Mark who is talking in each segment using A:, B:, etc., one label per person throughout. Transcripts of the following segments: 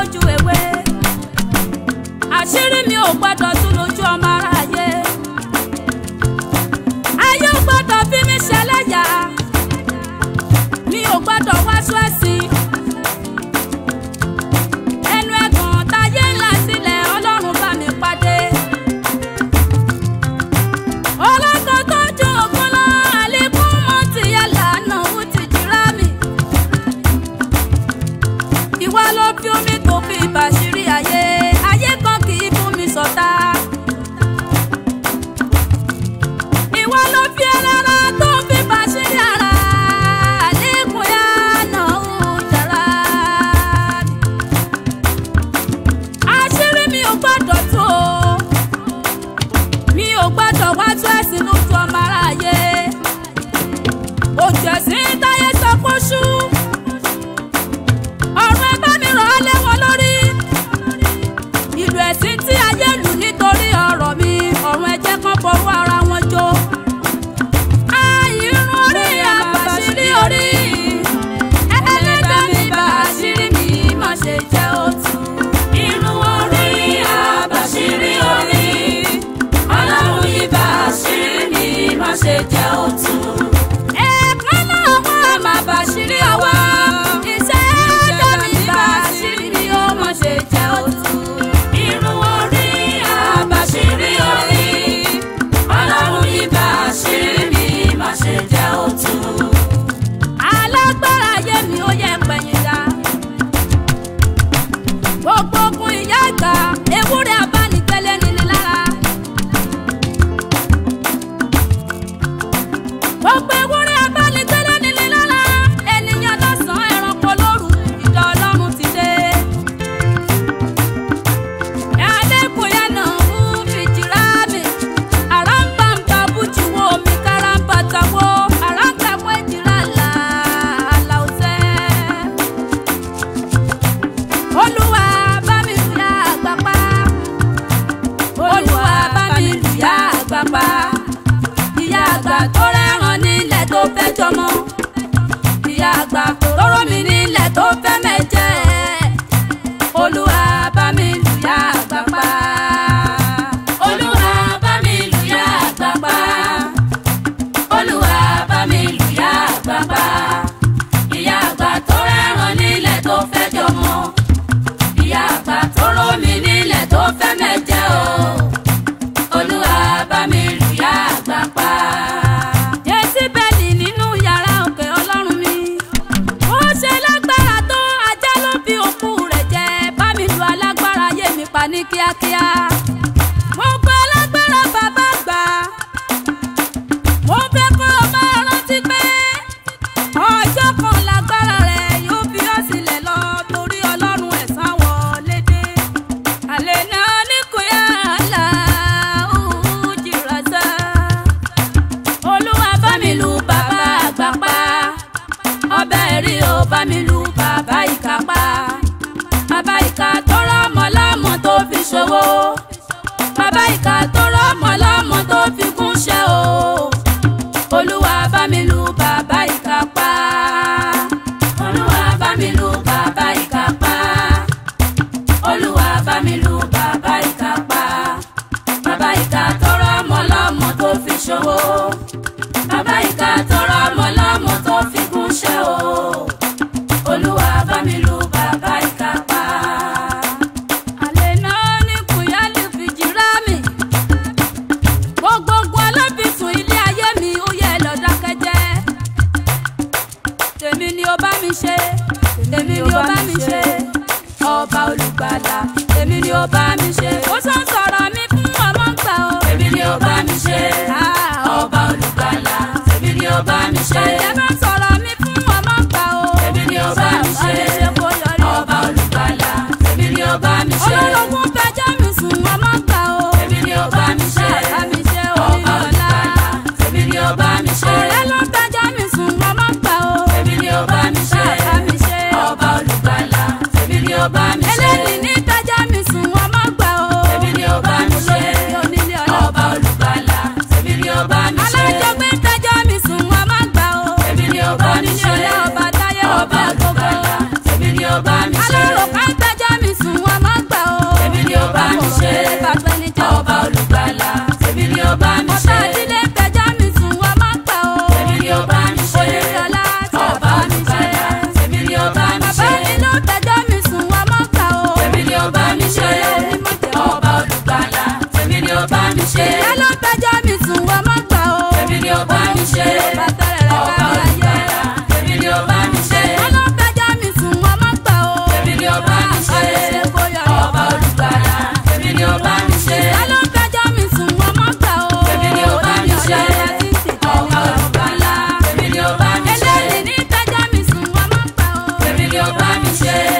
A: lójú ewé àṣírí mi ò gbọ́dọ̀ tún lójú ọmọ. ó pé Yeah.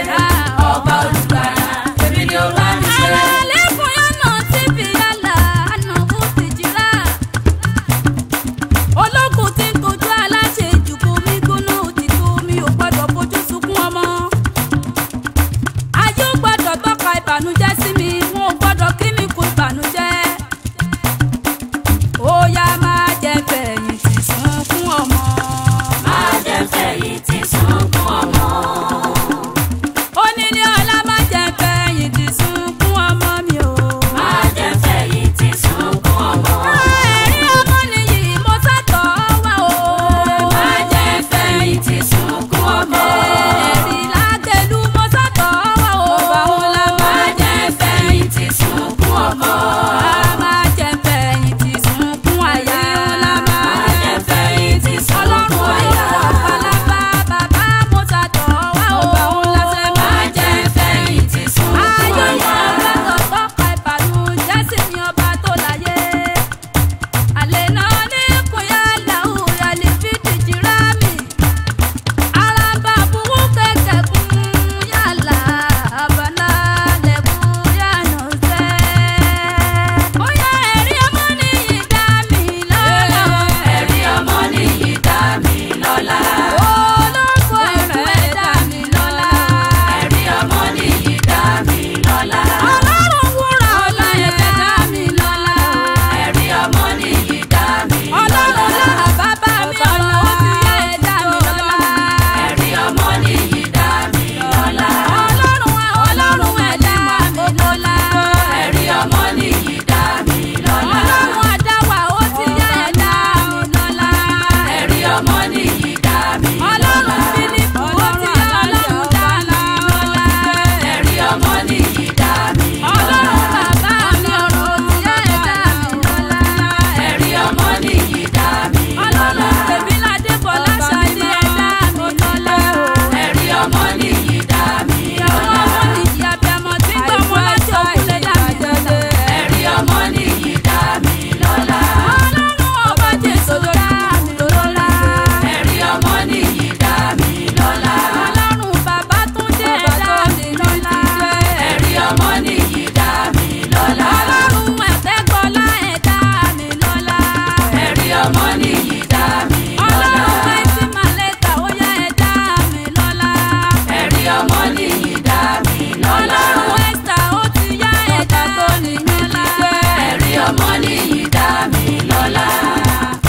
A: ọlá.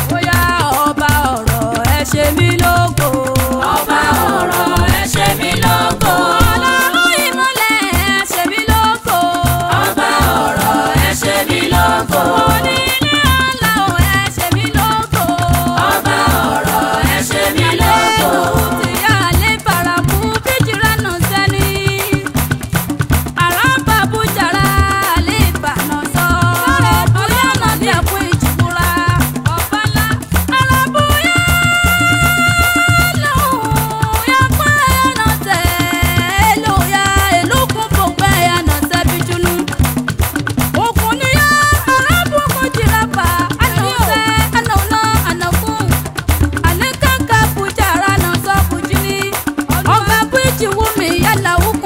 A: bóyá ọba ọ̀rọ̀ ẹ ṣe mí lógo. la